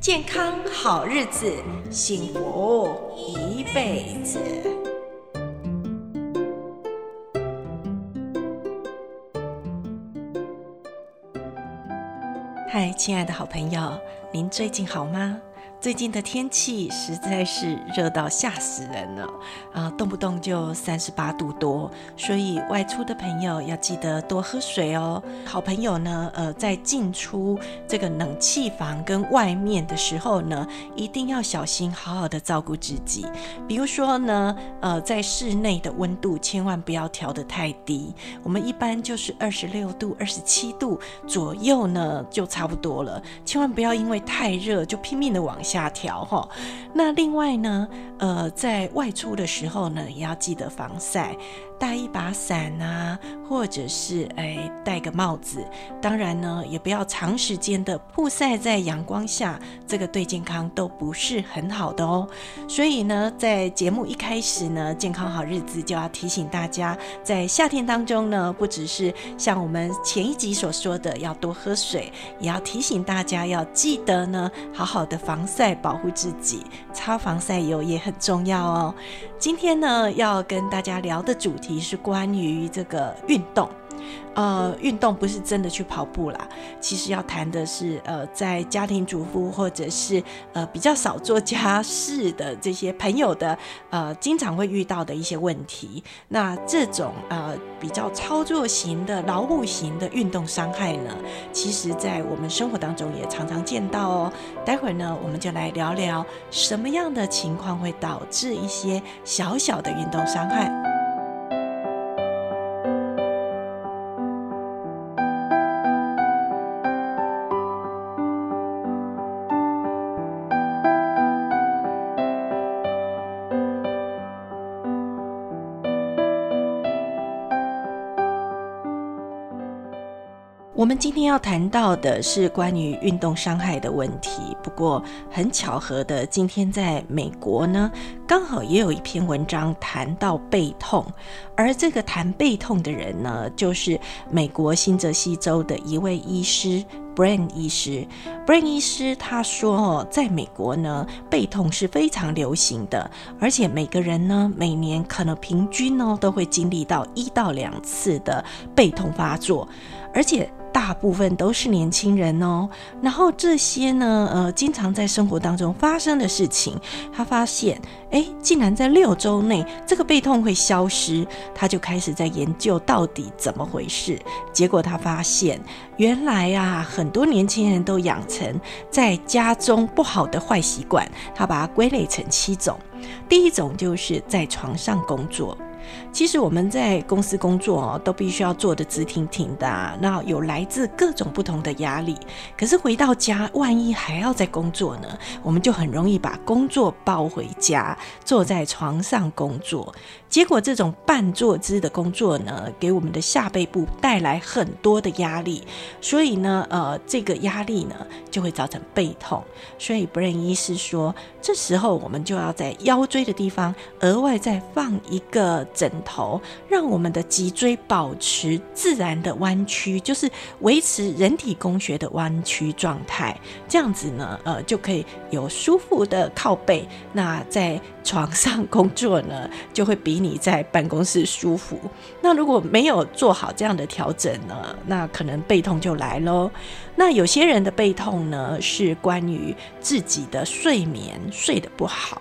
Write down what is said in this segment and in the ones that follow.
健康好日子，幸福一輩子。嗨，親愛的好朋友，您最近好嗎？最近的天氣實在是熱到嚇死人了啊，呃，動不動就三十八度多，所以外出的朋友要記得多喝水哦。好朋友呢，呃，在進出這個冷氣房跟外面的時候呢，一定要小心，好好的照顧自己。比如說呢，呃，在室內的溫度千萬不要調得太低，我們一般就是二十六度、二十七度左右呢，就差不多了。千萬不要因為太熱就拼命的往下。下調齁，那另外呢，呃，在外出的時候呢，也要記得防曬。帶一把傘啊，或者是誒、哎，戴個帽子，當然呢也不要長時間的曝曬在陽光下，這個對健康都不是很好的哦。所以呢，在節目一開始呢，健康好日子就要提醒大家，在夏天當中呢，不只是像我們前一集所說的要多喝水，也要提醒大家要記得呢，好好的防曬保護自己，擦防曬油也很重要哦。今天呢，要跟大家聊的主題。是關於這個運動，呃，運動不是真的去跑步啦。其實要談的是，呃，在家庭主婦或者是呃比較少做家事的這些朋友的，呃，經常會遇到的一些問題。那這種呃比較操作型的、勞務型的運動傷害呢，其實在我們生活當中也常常見到哦。待會兒呢，我們就來聊聊什麼樣的情況會導致一些小小的運動傷害。我們今天要談到的是關於運動傷害的問題。不過很巧合的，今天在美國呢，剛好也有一篇文章談到背痛。而這個談背痛的人呢，就是美國新澤西州的一位醫師，Brand 醫師。Brand 醫師他說哦，在美國呢，背痛是非常流行的，而且每個人呢，每年可能平均呢、哦，都會經歷到一到兩次的背痛發作，而且，大部分都是年輕人哦，然後這些呢，呃，經常在生活當中發生的事情，他發現，哎，竟然在六周內這個背痛會消失，他就開始在研究到底怎麼回事。結果他發現，原來啊，很多年輕人都養成在家中不好的壞習慣，他把它歸類成七種，第一種就是在床上工作。其實我們在公司工作，哦，都必須要坐得直挺挺的，啊。那有來自各種不同的壓力。可是回到家，萬一還要再工作呢，我們就很容易把工作抱回家，坐在床上工作。結果這種半坐姿的工作呢，給我們的下背部帶來很多的壓力。所以呢，呃，這個壓力呢，就會造成背痛。所以 Brain 醫師說，這時候我們就要在腰椎的地方額外再放一個。枕頭讓我們的脊椎保持自然的彎曲，就是維持人體工學的彎曲狀態。這樣子呢，呃，就可以有舒服的靠背。那在床上工作呢，就會比你在辦公室舒服。那如果沒有做好這樣的調整呢，那可能背痛就來嘍。那有些人的背痛呢，是關於自己的睡眠，睡得不好。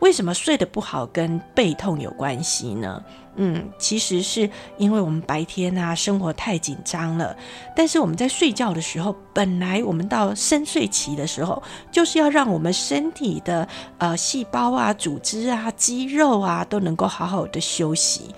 為什麼睡得不好跟背痛有關係呢？嗯，其實是因為我們白天啊，生活太緊張了。但是我們在睡覺的時候，本來我們到深睡期的時候，就是要讓我們身體的呃細胞啊、組織啊、肌肉啊都能夠好好的休息。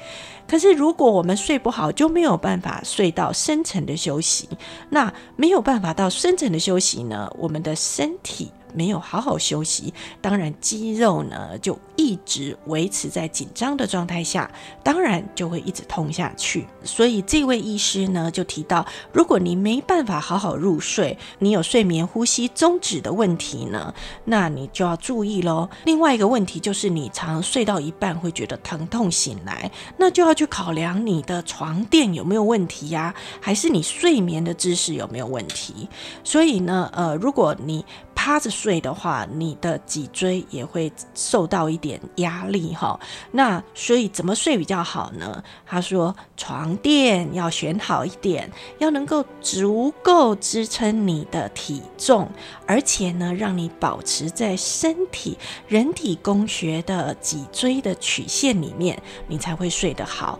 可是如果我們睡不好，就沒有辦法睡到深層的休息。那沒有辦法到深層的休息呢，我們的身體。沒有好好休息，當然肌肉呢就一直維持在緊張的狀態下，當然就會一直痛下去。所以這位醫師呢就提到，如果你沒辦法好好入睡，你有睡眠呼吸中止的問題呢，那你就要注意嘍。另外一個問題就是你常常睡到一半會覺得疼痛醒來，那就要去考量你的床墊有沒有問題呀，啊，還是你睡眠的姿勢有沒有問題？所以呢，呃，如果你趴着睡的話，你的脊椎也會受到一點壓力哈。那所以怎麼睡比較好呢？他說，床墊要選好一點，要能夠足夠支撐你的體重，而且呢，讓你保持在身體人體工學的脊椎的曲線裡面，你才會睡得好。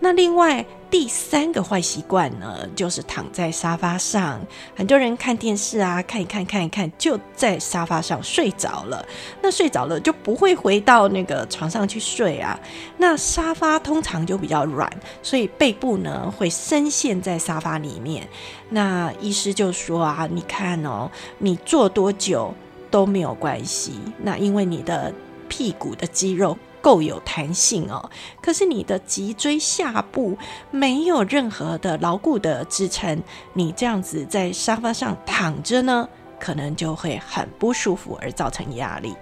那另外第三個壞習慣呢，就是躺在沙發上。很多人看電視啊，看一看看一看，就在沙發上睡着了。那睡着了就不會回到那個床上去睡啊。那沙發通常就比較軟，所以背部呢會深陷在沙發裡面。那醫師就說啊，你看哦，你坐多久都沒有關係，那因為你的屁股的肌肉。夠有彈性哦，可是你的脊椎下部沒有任何的牢固的支撐，你這樣子在沙發上躺着呢，可能就會很不舒服而造成壓力。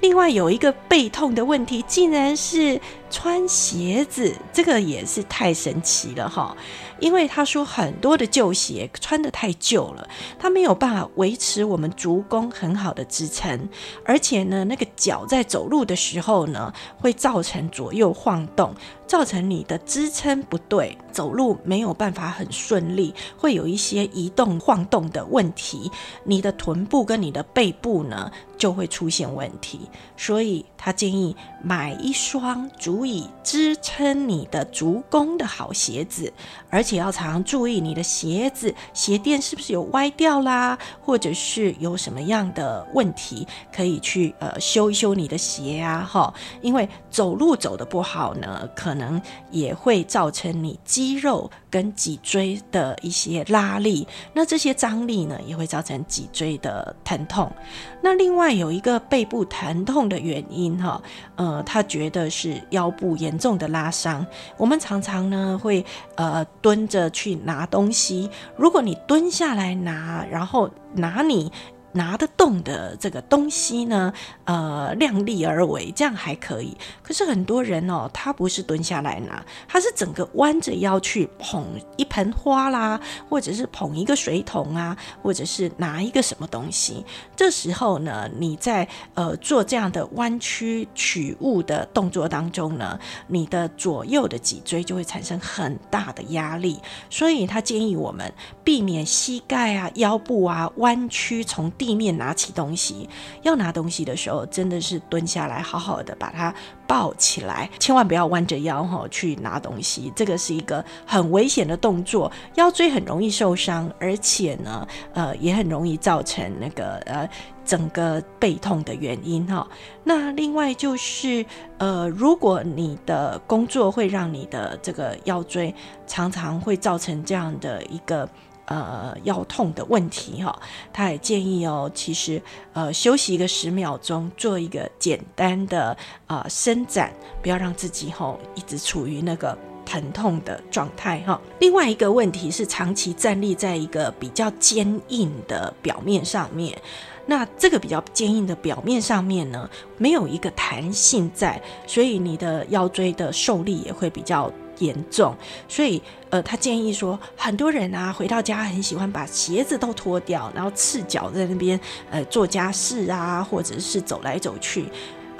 另外有一個背痛的問題，竟然是穿鞋子，這個也是太神奇了哈。因為他說很多的舊鞋穿得太舊了，它沒有辦法維持我們足弓很好的支撐，而且呢，那個腳在走路的時候呢，會造成左右晃動，造成你的支撐不對，走路沒有辦法很順利，會有一些移動晃動的問題，你的臀部跟你的背部呢就會出現問題。所以他建議買一雙足以支撐你的足弓的好鞋子，而且。且要常常注意你的鞋子鞋墊是不是有歪掉啦，或者是有什麼樣的問題，可以去呃修一修你的鞋啊，哈，因為走路走得不好呢，可能也會造成你肌肉。跟脊椎的一些拉力，那這些張力呢，也會造成脊椎的疼痛。那另外有一個背部疼痛的原因哈，呃，他覺得是腰部嚴重的拉傷。我們常常呢會呃蹲着去拿東西，如果你蹲下來拿，然後拿你。拿得動的這個東西呢，呃，量力而為，這樣還可以。可是很多人哦，他不是蹲下來拿，他是整個彎着腰去捧一盆花啦，或者是捧一個水桶啊，或者是拿一個什麼東西。這時候呢，你在呃做這樣的彎曲取物的動作當中呢，你的左右的脊椎就會產生很大的壓力。所以他建議我們避免膝蓋啊、腰部啊彎曲從地面拿起東西，要拿東西的時候，真的是蹲下來，好好的把它抱起來，千萬不要彎着腰哈去拿東西，這個是一個很危險的動作，腰椎很容易受傷，而且呢，呃，也很容易造成那個呃整個背痛的原因哈。那另外就是呃，如果你的工作會讓你的這個腰椎常常會造成這樣的一個。呃，腰痛的問題哈、哦，他也建議哦，其實呃，休息一個十秒鐘，做一個簡單的呃，伸展，不要讓自己吼、哦，一直處於那個疼痛的狀態哈、哦。另外一個問題是，長期站立在一個比較堅硬的表面上面，那這個比較堅硬的表面上面呢，沒有一個彈性在，所以你的腰椎的受力也會比較。嚴重，所以呃，他建議說，很多人啊回到家，很喜歡把鞋子都脫掉，然後赤腳在那邊呃做家事啊，或者是走來走去。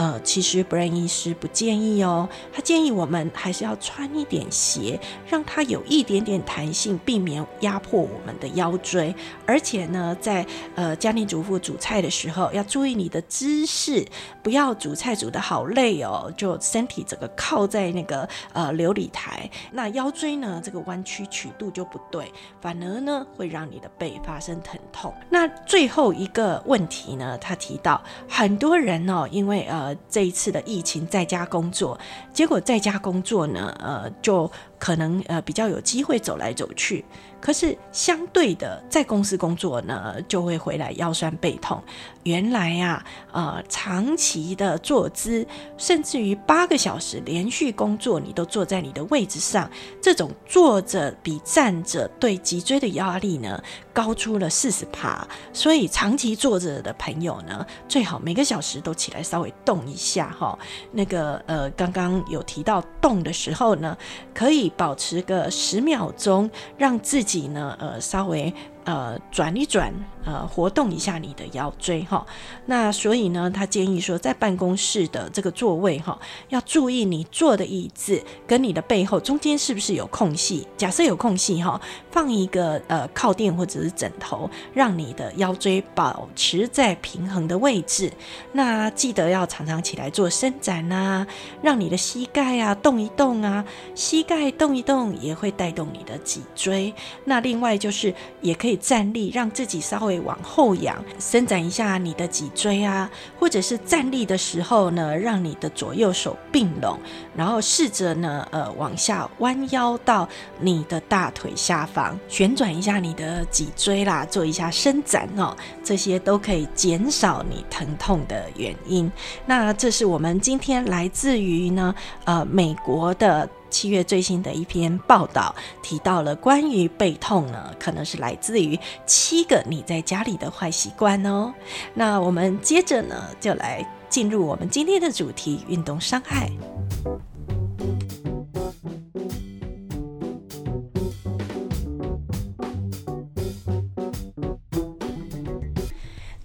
呃，其實 Brain 醫師不建議哦，他建議我們還是要穿一點鞋，讓它有一點點彈性，避免壓迫我們的腰椎。而且呢，在呃家庭主婦煮菜的時候，要注意你的姿勢，不要煮菜煮得好累哦，就身體整個靠在那個呃流理台，那腰椎呢這個彎曲曲度就不對，反而呢會讓你的背發生疼痛。那最後一個問題呢，他提到很多人哦，因為呃。這一次的疫情在家工作，結果在家工作呢，呃，就。可能呃比較有機會走來走去，可是相對的，在公司工作呢，就會回來腰酸背痛。原來啊，呃，長期的坐姿，甚至於八個小時連續工作，你都坐在你的位置上，這種坐着比站着對脊椎的壓力呢，高出了四十趴。所以，長期坐着的朋友呢，最好每個小時都起來稍微動一下哈。那個呃，剛剛有提到動的時候呢，可以。保持個十秒鐘，讓自己呢，呃，稍微。呃，轉一轉，呃，活動一下你的腰椎哈、哦。那所以呢，他建議說，在辦公室的這個座位哈、哦，要注意你坐的椅子跟你的背後中間是不是有空隙。假設有空隙哈、哦，放一個呃靠墊或者是枕頭，讓你的腰椎保持在平衡的位置。那記得要常常起來做伸展吶、啊，讓你的膝蓋啊動一動啊，膝蓋動一動也會帶動你的脊椎。那另外就是也可以。可以站立，讓自己稍微往後仰，伸展一下你的脊椎啊；或者是站立的時候呢，讓你的左右手併攏，然後試着呢，呃，往下彎腰到你的大腿下方，旋轉一下你的脊椎啦，做一下伸展哦。這些都可以減少你疼痛的原因。那這是我們今天來自於呢，呃，美國的。七月最新的一篇報道提到了關於背痛呢，可能是來自於七個你在家裡的壞習慣哦。那我們接着呢，就來進入我們今天的主題——運動傷害。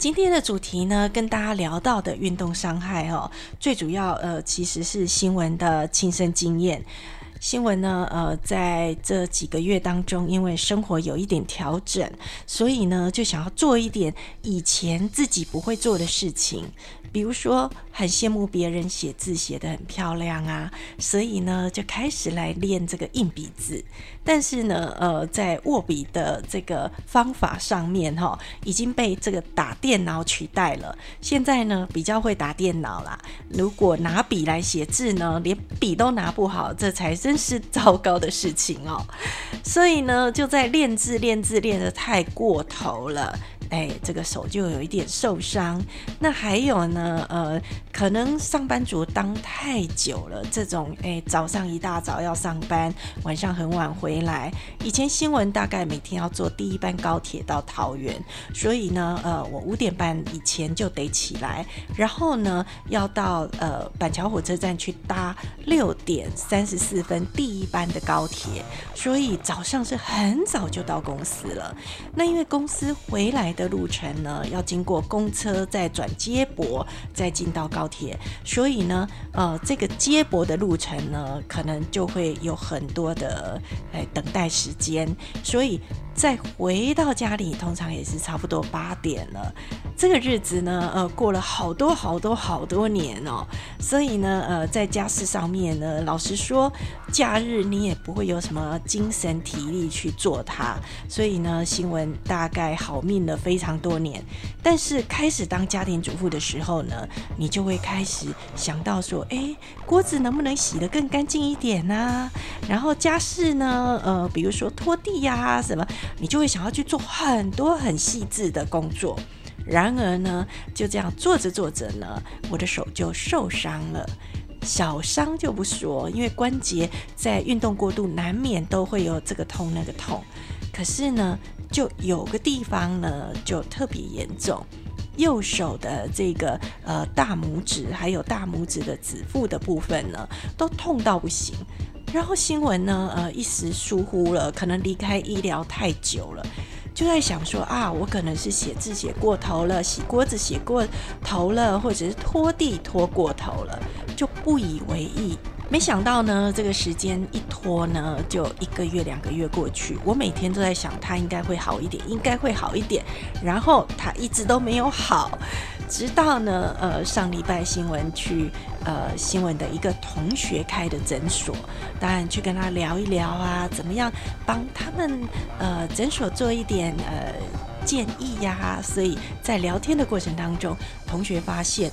今天的主題呢，跟大家聊到的運動傷害哦，最主要呃，其實是新聞的親身經驗。新聞呢？呃，在這幾個月當中，因為生活有一點調整，所以呢，就想要做一點以前自己不會做的事情，比如說很羨慕別人寫字寫得很漂亮啊，所以呢，就開始來練這個硬筆字。但是呢，呃，在握筆的這個方法上面，哈，已經被這個打電腦取代了。現在呢，比較會打電腦啦。如果拿筆來寫字呢，連筆都拿不好，這才是。是糟糕的事情哦，所以呢，就在練字練字練得太過頭了，哎，這個手就有一點受傷。那還有呢，呃，可能上班族當太久了，這種哎，早上一大早要上班，晚上很晚回來。以前新聞大概每天要坐第一班高鐵到桃園，所以呢，呃，我五點半以前就得起來，然後呢，要到呃板橋火車站去搭六點三十四分，第一班的高鐵，所以早上是很早就到公司了。那因為公司回來的路程呢，要經過公車再轉接駁，再進到高鐵，所以呢，呃，這個接駁的路程呢，可能就會有很多的等待時間，所以。再回到家裡，通常也是差不多八點了。這個日子呢，呃，過了好多好多好多年哦。所以呢，呃，在家事上面呢，老實說，假日你也不會有什麼精神體力去做它。所以呢，新聞大概好命了非常多年。但是開始當家庭主婦的時候呢，你就會開始想到說，欸，鍋子能不能洗得更乾淨一點吶？然後家事呢，呃，比如說拖地呀什麼。你就會想要去做很多很細緻的工作，然而呢，就這樣做着做着呢，我的手就受傷了。小傷就不說，因為關節在運動過度，難免都會有這個痛那個痛。可是呢，就有個地方呢，就特別嚴重，右手的這個呃大拇指，還有大拇指的指腹的部分呢，都痛到不行。然後新聞呢，呃，一時疏忽了，可能離開醫療太久了，就在想說啊，我可能是寫字寫過頭了，洗鍋子洗過頭了，或者是拖地拖過頭了，就不以為意。沒想到呢，這個時間一拖呢，就一個月兩個月過去，我每天都在想它，應該會好一點，應該會好一點，然後它一直都沒有好。直到呢，呃，上禮拜新聞去，呃，新聞的一個同學開的診所，當然去跟他聊一聊啊，怎麼樣幫他們，呃，診所做一點，呃，建議呀、啊。所以在聊天的過程當中，同學發現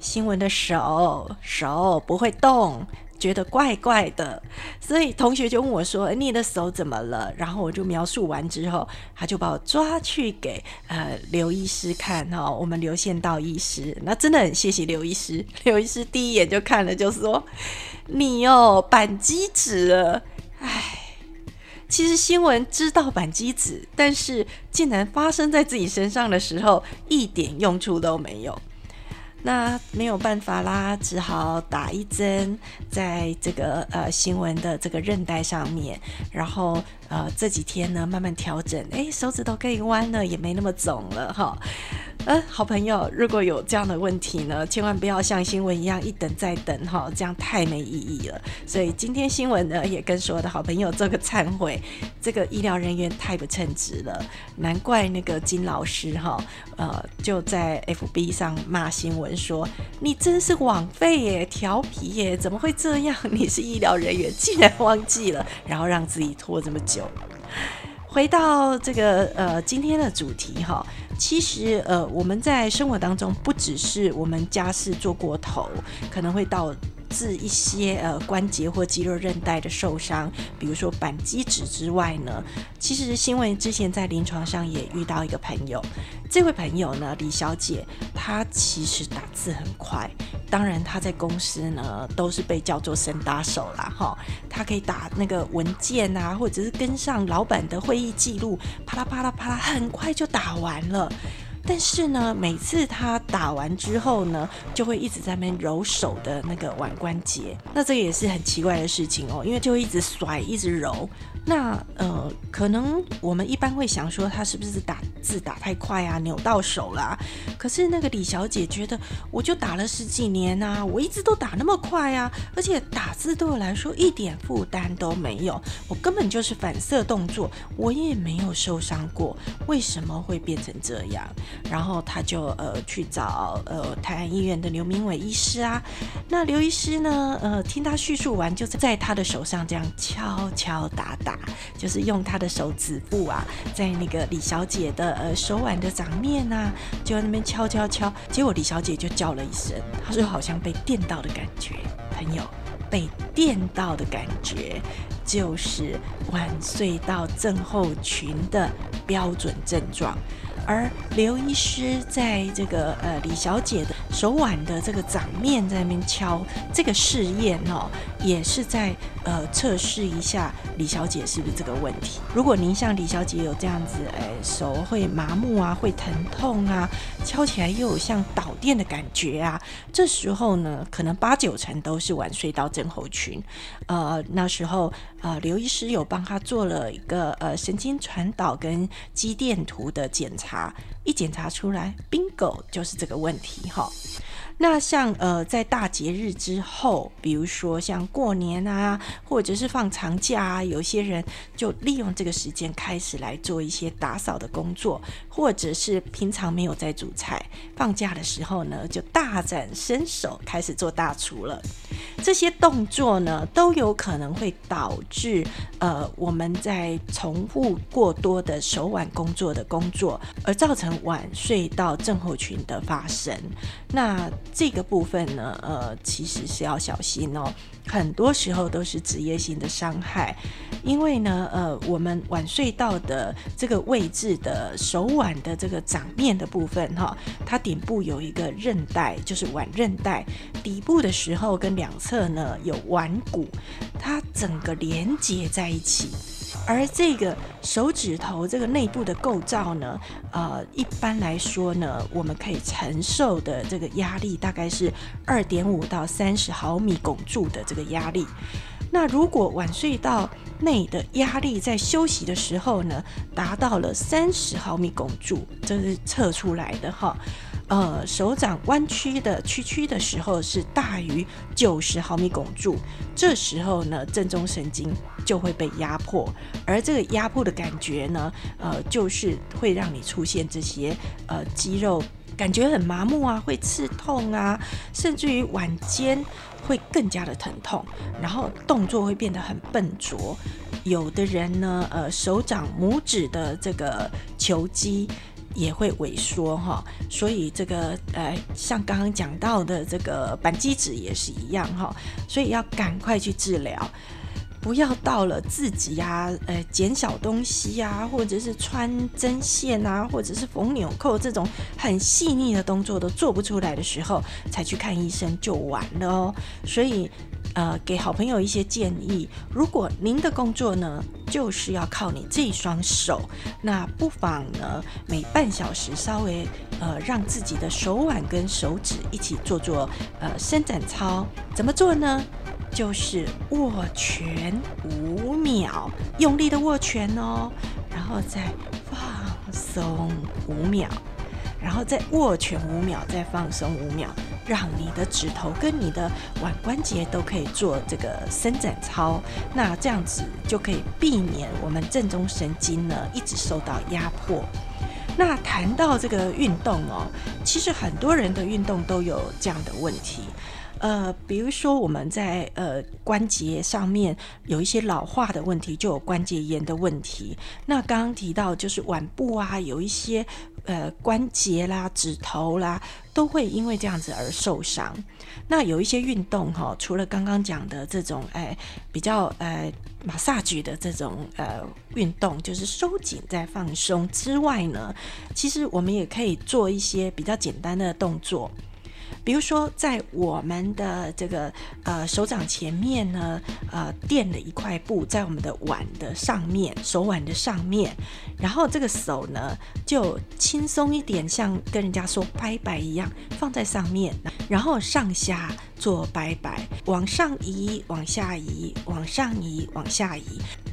新聞的手手不會動。覺得怪怪的，所以同學就問我說：“你的手怎麼了？”然後我就描述完之後，他就把我抓去給呃劉醫師看哦，我們劉憲道醫師，那真的很謝謝劉醫師。劉醫師第一眼就看了，就說：“你哦，扳機指了。”哎，其實新聞知道扳機指，但是竟然發生在自己身上的時候，一點用處都沒有。那沒有辦法啦，只好打一針，在這個呃，新聞的這個韌帶上面，然後呃，這幾天呢，慢慢調整，哎，手指頭可以彎了，也沒那麼腫了，哈。呃，好朋友，如果有這樣的問題呢，千萬不要像新聞一樣一等再等哈，這樣太沒意義了。所以今天新聞呢，也跟所有的好朋友做個懺悔，這個醫療人員太不稱職了，難怪那個金老師哈，呃，就在 FB 上罵新聞說：“你真是枉費耶，調皮耶，怎麼會這樣？你是醫療人員，竟然忘記了，然後讓自己拖這麼久。”回到這個呃今天的主題哈，其實呃我們在生活當中不只是我們家事做過頭，可能會到。自一些呃關節或肌肉韌帶的受傷，比如說扳機指之外呢，其實新聞之前在臨床上也遇到一個朋友，這位朋友呢李小姐，她其實打字很快，當然她在公司呢都是被叫做神打手啦哈，她可以打那個文件啊，或者是跟上老闆的會議記錄，啪啦啪啦啪啦，很快就打完了。但是呢，每次他打完之後呢，就會一直在那邊揉手的那個腕關節，那這個也是很奇怪的事情哦，因為就一直甩，一直揉。那呃，可能我們一般會想說，他是不是打字打太快啊，扭到手啦、啊？可是那個李小姐覺得，我就打了十幾年吶、啊，我一直都打那麼快啊，而且打字對我來說一點負擔都沒有，我根本就是反射動作，我也沒有受傷過，為什麼會變成這樣？然後他就呃去找呃泰安醫院的劉明偉醫師啊，那劉醫師呢呃聽他敘述完，就在他的手上這樣敲敲打打，就是用他的手指腹啊，在那個李小姐的呃手腕的掌面啊，就那邊敲敲敲，結果李小姐就叫了一聲，她說好像被電到的感覺，朋友被電到的感覺，就是腕隧道症候群的標準症狀。而劉醫師在這個呃李小姐的手腕的這個掌面在那邊敲這個試驗哦，也是在呃測試一下李小姐是不是這個問題。如果您像李小姐有這樣子，哎、呃，手會麻木啊，會疼痛啊，敲起來又有像導電的感覺啊，這時候呢，可能八九成都是腕隧道症候群。呃，那時候。呃，劉醫師有幫他做了一個呃神經傳導跟肌電圖的檢查，一檢查出來，Bingo 就是這個問題哈。那像呃，在大節日之後，比如說像過年啊，或者是放長假啊，有些人就利用這個時間開始來做一些打掃的工作，或者是平常沒有在煮菜，放假的時候呢，就大展身手，開始做大廚了。這些動作呢，都有可能會導致呃，我們在重複過多的手腕工作的工作，而造成腕隧道症候群的發生。那。這個部分呢，呃，其實是要小心哦，很多時候都是職業性的傷害，因為呢，呃，我們腕隧道的這個位置的手腕的這個掌面的部分哈、哦，它頂部有一個韌帶，就是腕韌帶，底部的時候跟兩側呢有腕骨，它整個連接在一起。而這個手指頭這個內部的構造呢，呃，一般來說呢，我們可以承受的這個壓力大概是二點五到三十毫米汞柱的這個壓力。那如果腕隧道內的壓力在休息的時候呢，達到了三十毫米汞柱，這、就是測出來的哈。呃，手掌彎曲的屈曲的時候是大於九十毫米汞柱，這時候呢，正中神經就會被壓迫，而這個壓迫的感覺呢，呃，就是會讓你出現這些呃肌肉感覺很麻木啊，會刺痛啊，甚至於晚間會更加的疼痛，然後動作會變得很笨拙。有的人呢，呃，手掌拇指的這個球肌。也會萎縮哈、哦，所以這個呃，像剛剛講到的這個扳機指，也是一樣哈、哦，所以要趕快去治療，不要到了自己呀、啊，呃，剪小東西呀、啊，或者是穿針線啊，或者是縫紐扣這種很細膩的動作都做不出來的時候，才去看醫生就完了哦，所以。呃，給好朋友一些建議。如果您的工作呢，就是要靠你這雙手，那不妨呢，每半小時稍微呃，讓自己的手腕跟手指一起做做呃伸展操。怎麼做呢？就是握拳五秒，用力的握拳哦，然後再放鬆五秒，然後再握拳五秒，再放鬆五秒。讓你的指頭跟你的腕關節都可以做這個伸展操，那這樣子就可以避免我們正中神經呢一直受到壓迫。那談到這個運動哦，其實很多人的運動都有這樣的問題。呃，比如說我們在呃關節上面有一些老化的問題，就有關節炎的問題。那剛剛提到就是腕部啊，有一些呃關節啦、指頭啦，都會因為這樣子而受傷。那有一些運動哈、哦，除了剛剛講的這種哎、呃、比較呃 massage 的這種呃運動，就是收緊再放鬆之外呢，其實我們也可以做一些比較簡單的動作。比如說，在我們的這個呃手掌前面呢，呃墊了一塊布在我們的腕的上面，手腕的上面，然後這個手呢就輕鬆一點，像跟人家說拜拜一樣放在上面，然後上下。做掰掰，往上移，往下移，往上移，往下移，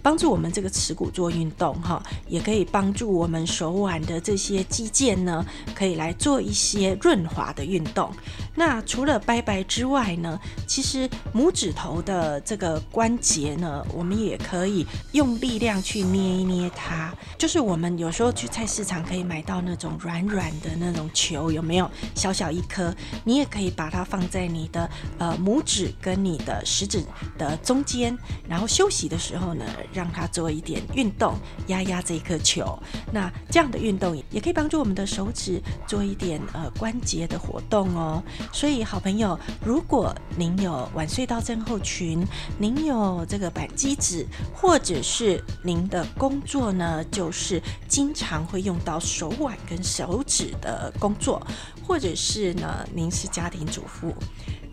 幫助我們這個尺骨做運動哈，也可以幫助我們手腕的這些肌腱呢，可以來做一些潤滑的運動。那除了掰掰之外呢，其實拇指頭的這個關節呢，我們也可以用力量去捏一捏它。就是我們有時候去菜市場可以買到那種軟軟的那種球，有沒有？小小一顆，你也可以把它放在你的。呃，拇指跟你的食指的中間，然後休息的時候呢，讓它做一點運動，壓壓這一顆球。那這樣的運動也可以幫助我們的手指做一點呃關節的活動哦。所以，好朋友，如果您有腕隧道症候群，您有這個扳機指，或者是您的工作呢，就是經常會用到手腕跟手指的工作，或者是呢，您是家庭主婦。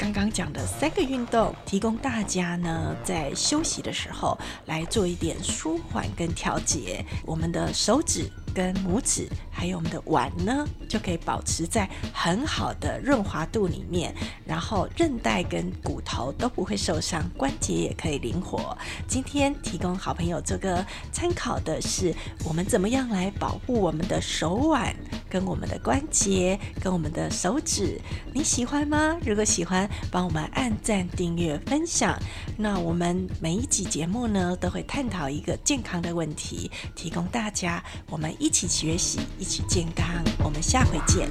剛剛講的三個運動，提供大家呢，在休息的時候來做一點舒緩跟調節我們的手指，跟拇指還有我們的腕呢，就可以保持在很好的潤滑度裡面，然後韌帶跟骨頭都不會受傷，關節也可以靈活。今天提供好朋友做個參考的是，我們怎麼樣來保護我們的手腕、跟我們的關節、跟我們的手指？你喜歡嗎？如果喜歡，幫我們按讚、訂閱、分享。那我們每一集節目呢，都會探討一個健康的問題，提供大家我們。一起學習，一起健康。我們下回見。